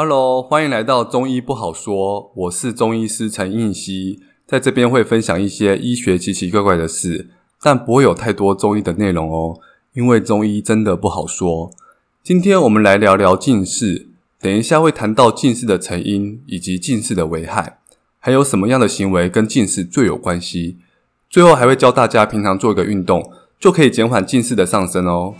Hello，歡迎來到中醫不好說。我是中醫師陳應希，在這邊會分享一些醫學奇奇怪怪的事，但不會有太多中醫的內容哦，因為中醫真的不好說。今天我們來聊聊近視，等一下會談到近視的成因以及近視的危害，還有什麼樣的行為跟近視最有關係。最後還會教大家平常做一個運動，就可以減緩近視的上升哦。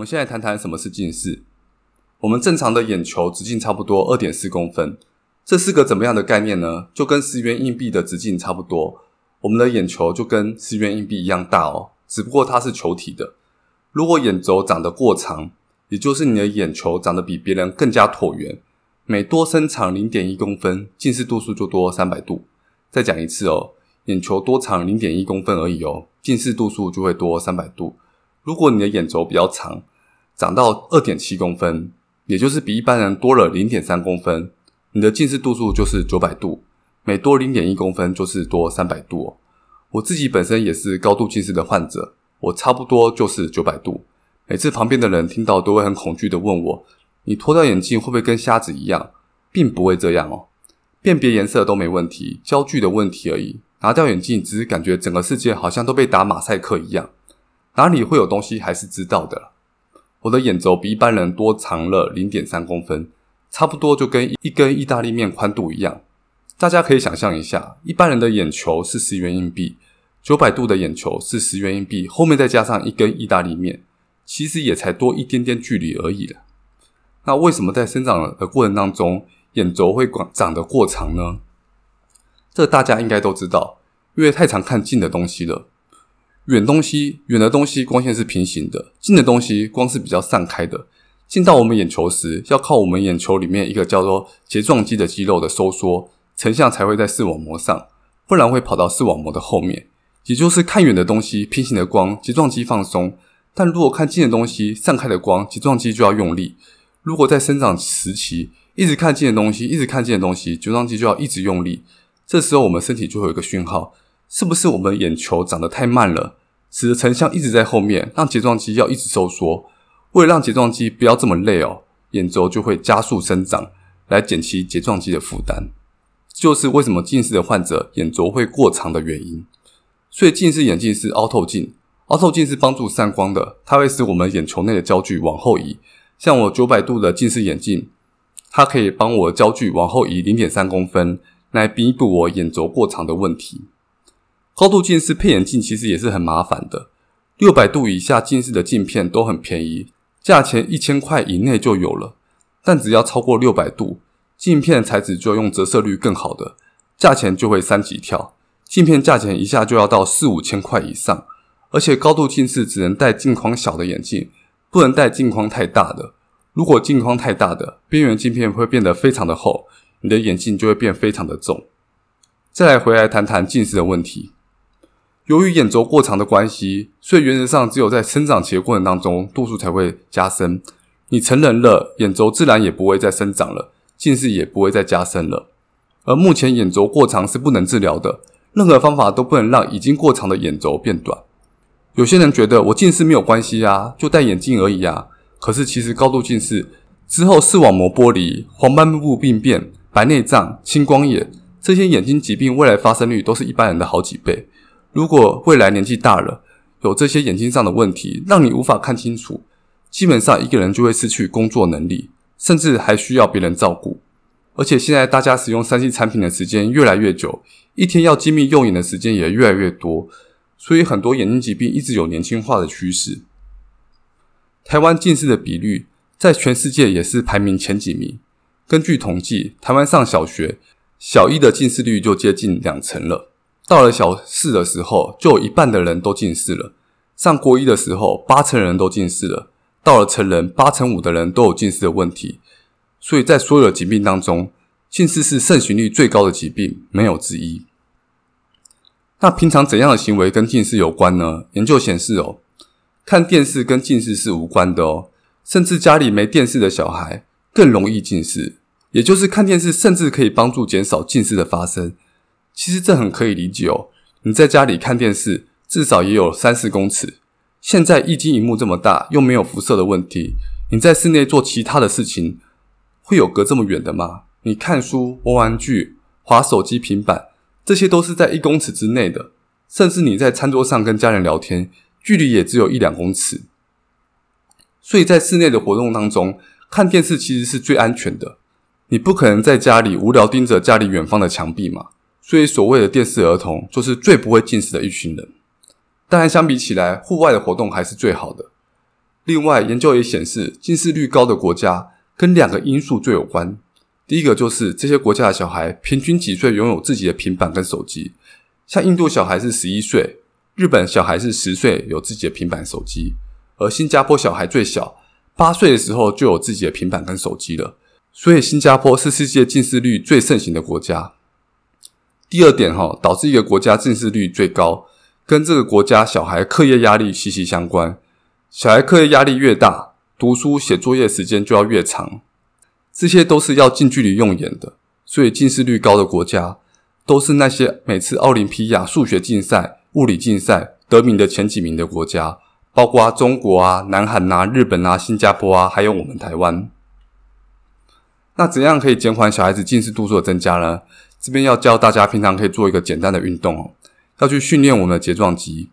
我們現在談談什麼是近視。我們正常的眼球直徑差不多二點四公分，這是個怎麼樣的概念呢？就跟十元硬幣的直徑差不多。我們的眼球就跟十元硬幣一樣大哦，只不過它是球體的。如果眼軸長得過長，也就是你的眼球長得比別人更加橢圓，每多伸長零點一公分，近視度數就多三百度。再講一次哦，眼球多長零點一公分而已哦，近視度數就會多三百度。如果你的眼軸比較長，長到二點七公分，也就是比一般人多了零點三公分。你的近視度數就是九百度，每多零點一公分就是多三百度哦。我自己本身也是高度近視的患者，我差不多就是九百度。每次旁邊的人聽到都會很恐懼的問我：“你脫掉眼鏡會不會跟瞎子一樣？”並不會這樣哦，辨別顏色都沒問題，焦距的問題而已。拿掉眼鏡只是感覺整個世界好像都被打馬賽克一樣，哪裡會有東西還是知道的。我的眼軸比一般人多長了零點三公分，差不多就跟一根意大利麵寬度一樣。大家可以想象一下，一般人的眼球是十元硬幣，九百度的眼球是十元硬幣後面再加上一根意大利麵，其實也才多一點點距離而已了。那為什麼在生長的過程當中，眼軸會長得過長呢？這個、大家應該都知道，因為太常看近的東西了。遠東西，遠的東西光線是平行的；近的東西光是比較散開的。進到我們眼球時，要靠我們眼球裡面一個叫做睫狀肌的肌肉的收縮成像才會在視網膜上，不然會跑到視網膜的後面。也就是看遠的東西平行的光，睫狀肌放鬆；但如果看近的東西散開的光，睫狀肌就要用力。如果在生長時期一直看近的東西，一直看近的東西，睫狀肌就要一直用力。這時候我們身體就會有一個訊號：是不是我們眼球長得太慢了？使得成像一直在後面，讓睫狀肌要一直收縮。為了讓睫狀肌不要這麼累哦，眼軸就會加速生長，來減輕睫狀肌的負擔。就是為什麼近視的患者眼軸會過長的原因。所以，近視眼鏡是凹透鏡，凹透鏡是幫助散光的，它會使我們眼球內的焦距往後移。像我九百度的近視眼鏡，它可以幫我的焦距往後移零點三公分，來彌補我眼軸過長的問題。高度近視配眼鏡其實也是很麻煩的。六百度以下近視的鏡片都很便宜，價錢一千塊以內就有了。但只要超過六百度，鏡片材質就要用折射率更好的，價錢就會三級跳，鏡片價錢一下就要到四五千塊以上。而且高度近視只能戴鏡框小的眼鏡，不能戴鏡框太大的。如果鏡框太大的，邊緣鏡片會變得非常的厚，你的眼鏡就會變非常的重。再來回來談談近視的問題。由於眼軸過長的關係，所以原則上只有在生長期的過程當中度數才會加深。你成人了，眼軸自然也不會再生長了，近視也不會再加深了。而目前眼軸過長是不能治療的，任何方法都不能讓已經過長的眼軸變短。有些人覺得我近視沒有關係啊，就戴眼鏡而已啊。可是其實高度近視之後，視網膜剝離、黃斑部病變、白內障、青光眼這些眼睛疾病未來發生率都是一般人的好幾倍。如果未來年紀大了，有這些眼睛上的問題，讓你無法看清楚，基本上一個人就會失去工作能力，甚至還需要別人照顧。而且現在大家使用三 C 產品的時間越來越久，一天要精密用眼的時間也越來越多，所以很多眼睛疾病一直有年輕化的趨勢。台灣近視的比率在全世界也是排名前幾名。根據統計，台灣上小學小一的近視率就接近兩成了。到了小四的時候，就有一半的人都近視了；上國一的時候，八成人都近視了；到了成人，八成五的人都有近視的問題。所以在所有的疾病當中，近視是盛行率最高的疾病，沒有之一。那平常怎樣的行為跟近視有關呢？研究顯示哦，看電視跟近視是無關的哦，甚至家裡沒電視的小孩更容易近視，也就是看電視甚至可以幫助減少近視的發生。其實這很可以理解哦。你在家裡看電視，至少也有三四公尺。現在液晶螢幕這麼大，又沒有輻射的問題。你在室內做其他的事情，會有隔這麼遠的嗎？你看書、玩玩具、滑手機、平板，這些都是在一公尺之內的。甚至你在餐桌上跟家人聊天，距離也只有一兩公尺。所以在室內的活動當中，看電視其實是最安全的。你不可能在家裡無聊盯着家裡遠方的牆壁嘛。所以，所謂的電視兒童就是最不會近視的一群人。當然，相比起來，戶外的活動還是最好的。另外，研究也顯示，近視率高的國家跟兩個因素最有關。第一個就是這些國家的小孩平均幾歲擁有自己的平板跟手機。像印度小孩是十一歲，日本小孩是十歲有自己的平板手機，而新加坡小孩最小八歲的時候就有自己的平板跟手機了。所以，新加坡是世界近視率最盛行的國家。第二點哈，導致一個國家近視率最高，跟這個國家小孩課業壓力息息相關。小孩課業壓力越大，讀書、寫作業時間就要越長，這些都是要近距離用眼的，所以近視率高的國家都是那些每次奧林匹亞數學競賽、物理競賽得名的前幾名的國家，包括中國啊、南韓啊、日本啊、新加坡啊，還有我們台灣。那怎樣可以減緩小孩子近視度數的增加呢？這邊要教大家，平常可以做一個簡單的運動哦，要去訓練我們的睫狀肌。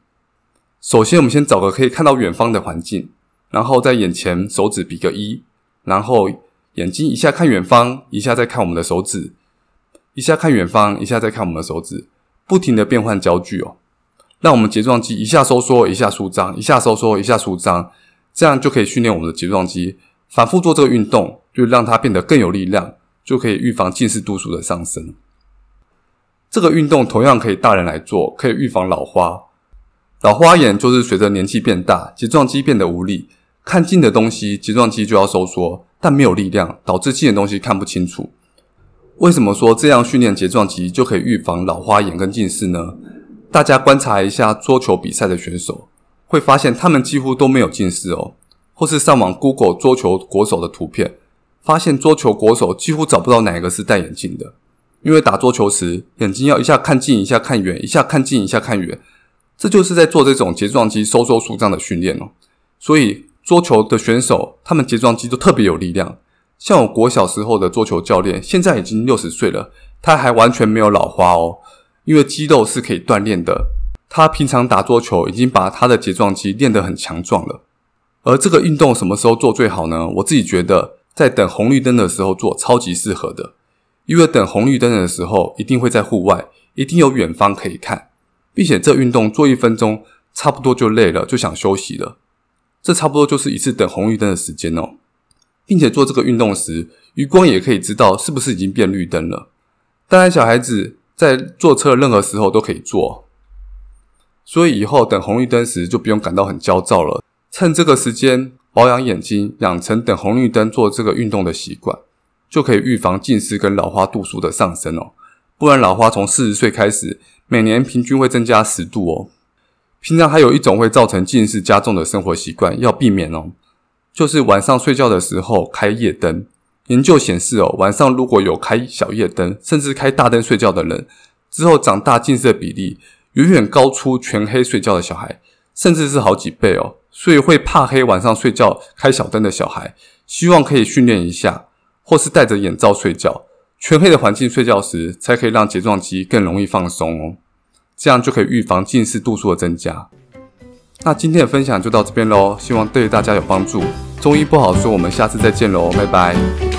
首先，我們先找個可以看到遠方的環境，然後在眼前手指比個一，然後眼睛一下看遠方，一下再看我們的手指，一下看遠方，一下再看我們的手指，不停的變換焦距哦，讓我們睫狀肌一下收縮，一下舒張，一下收縮，一下舒張，這樣就可以訓練我們的睫狀肌。反復做這個運動，就讓它變得更有力量，就可以預防近視度數的上升。這個運動同樣可以大人來做，可以預防老花。老花眼就是隨着年紀變大，睫狀肌變得無力，看近的東西，睫狀肌就要收縮，但沒有力量，導致近的東西看不清楚。為什麼說這樣訓練睫狀肌就可以預防老花眼跟近視呢？大家觀察一下桌球比賽的選手，會發現他們幾乎都沒有近視哦。或是上網 Google 桌球國手的圖片，發現桌球國手幾乎找不到哪一個是戴眼鏡的。因為打桌球時，眼睛要一下看近，一下看遠，一下看近，一下看遠，這就是在做這種睫狀肌收縮舒張的訓練哦。所以，桌球的選手他們睫狀肌都特別有力量。像我國小時候的桌球教練，現在已經六十歲了，他還完全沒有老花哦。因為肌肉是可以鍛鍊的，他平常打桌球已經把他的睫狀肌練得很強壯了。而這個運動什麼時候做最好呢？我自己覺得在等紅綠燈的時候做，超級適合的。因為等紅綠燈的時候，一定會在戶外，一定有遠方可以看，並且這運動做一分鐘，差不多就累了，就想休息了。這差不多就是一次等紅綠燈的時間哦。並且做這個運動時，餘光也可以知道是不是已經變綠燈了。當然，小孩子在坐車的任何時候都可以做。所以以後等紅綠燈時就不用感到很焦躁了。趁這個時間保養眼睛，養成等紅綠燈做這個運動的習慣，就可以預防近視跟老花度數的上升哦，不然老花從四十歲開始，每年平均會增加十度哦。平常還有一種會造成近視加重的生活習慣要避免哦，就是晚上睡覺的時候開夜燈。研究顯示哦，晚上如果有開小夜燈，甚至開大燈睡覺的人，之後長大近視的比例遠遠高出全黑睡覺的小孩，甚至是好幾倍哦。所以會怕黑，晚上睡覺開小燈的小孩，希望可以訓練一下。或是戴着眼罩睡覺，全黑的環境睡覺時，才可以讓睫狀肌更容易放鬆哦，這樣就可以預防近視度數的增加。那今天的分享就到這邊嘍，希望對大家有幫助。中醫不好說，我們下次再見嘍，拜拜。